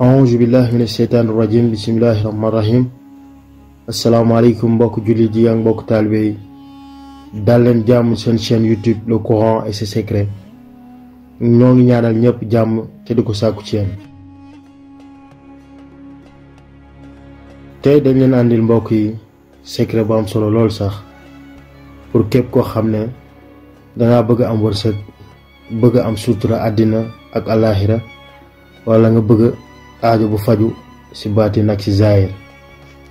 aouzu billahi min asheytaani rajim bismillahi rahmaani rahim asalaamaaleykum mbokk jullit yi ak mbokk taalibe yi dal leen jàmm seen chaîne YouTube le Coran ay ses secrets ñoo ngi ñaanal ñëpp jàmm te di ko sàkku ci yéen tey dañ leen àndil mbokk yi secret bu am solo lool sax pour képp koo xam ne dangaa bëgg am wërsëg bëgg am sutura àddina ak alaaxira wala nga bëgg aajo bu faju si baatin ak si zahir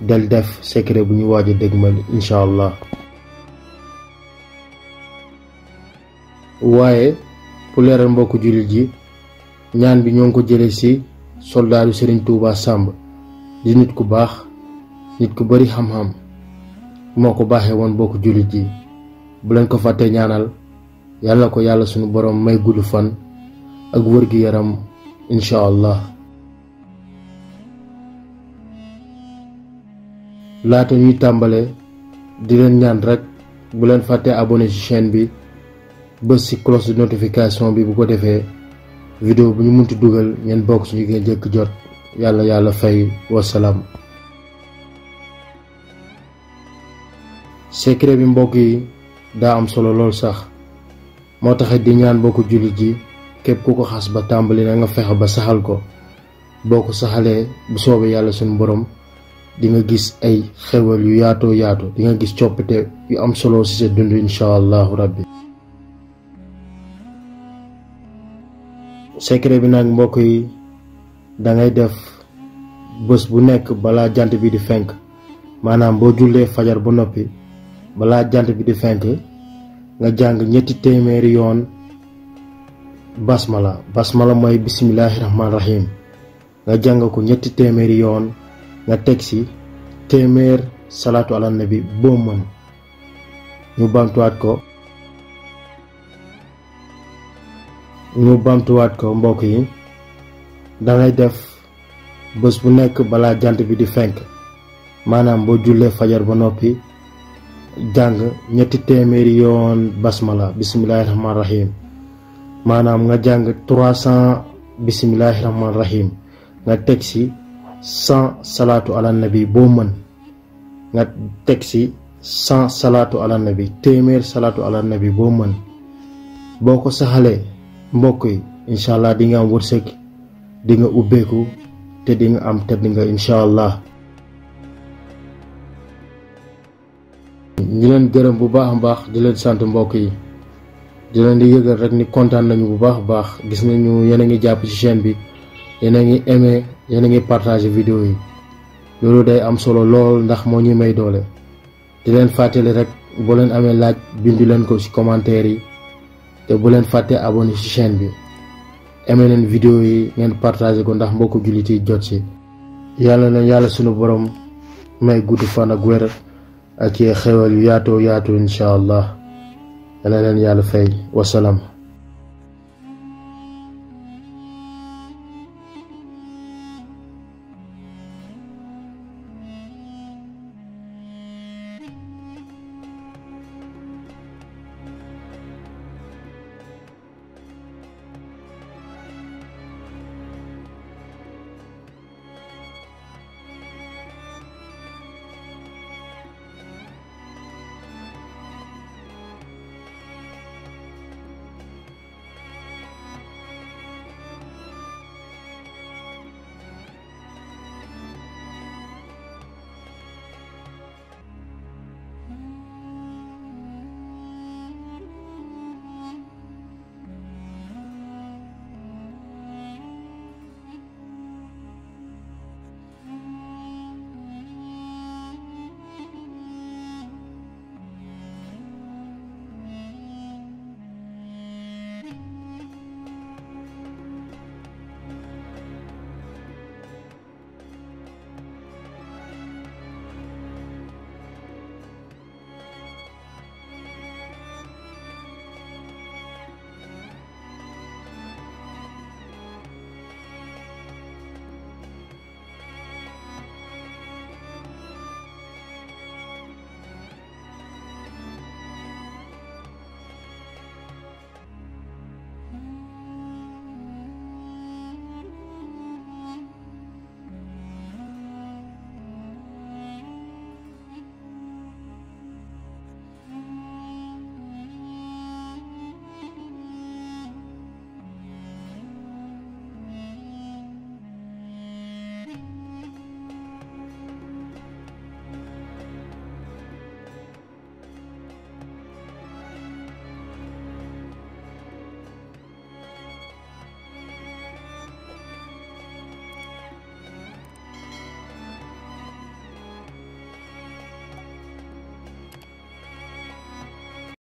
del def secret bu ñu waji a inshallah waye allah pour leral mbokk julit ji ñaan bi ñong ko jëlé ci si soldaaru Serigne Touba Samb di nit ku bax nit ku bari xam-xam moko baxé won woon julit ji bu ko faté ñaanal yalla ko yalla suñu borom may gudu fan ak yaram inshallah laata ñuy tàmbale di leen ñaan rek bu leen fàtte abonné ci chaîne bi bës ci cloche de notification bi bu ko defee vidéo bu ñu munti dugal ngeen bokk ci ñu ngeen jëkk jot yàlla yàlla fay wasalaam. secret bi mbokk yi daa am solo lool sax moo taxit di ñaan bokk jullit ji képp ku ko xas ba tàmbali na nga fexe ba saxal ko boo ko saxalee bu soobee yàlla suñu borom. di nga gis ay xewal yu yato yato di nga gis coppite yu am solo si sa dund insha allahu rabbi secret bi nag mbokk yi da ngay def bés bu nekk bala jant bi di fenk maanaam boo jullee fajar ba noppi bala jant bi di fenk nga jàng ñetti téeméeri yoon basmala basmala mooy bismillahi rahmaani nga jàng ko ñetti téeméeri yoon nga teg si téeméer salaatu ala nabi boo ñu bamtuwaat ko ñu bamtuwaat ko mbokk yi dangay def bés bu nekk balaa jant bi di fenk maanaam boo jullee fajar ba noppi jàng ñetti téeméeri yoon basmala bisimilahi rahman rahim maanaam nga jàng 300 bisimilahi rahman rahim nga teg si 100 salatu ala nabi bo ngat nga tek si 100 salatu ala nabi temer salatu ala nabi bo man boko ko mbok yi inshallah di nga wursek di nga ubeku te di nga am di nga inshallah ñu di leen gërëm bu baax baax di leen sant mbokk yi di leen di yëgal rek ni kontaan nañu bu baax baax gis nañu yéen a ngi ci chaîne bi yéen a ngi yéen a ngi partagé vidéo yi loolu day am solo lool ndax moo ñuy may doole di leen fàttali rek boo leen amee laaj bindu leen ko ci commentaire yi te bu leen fàtte abonné ci chaîne bi amee leen video yi ngeen partagé ko ndax mbokku jullit yi jot si yàlla na yàlla sunu borom may gudd fan a wér ak yee xewal yu yaatoo yaatu incha allah leen yàlla fay wasalaam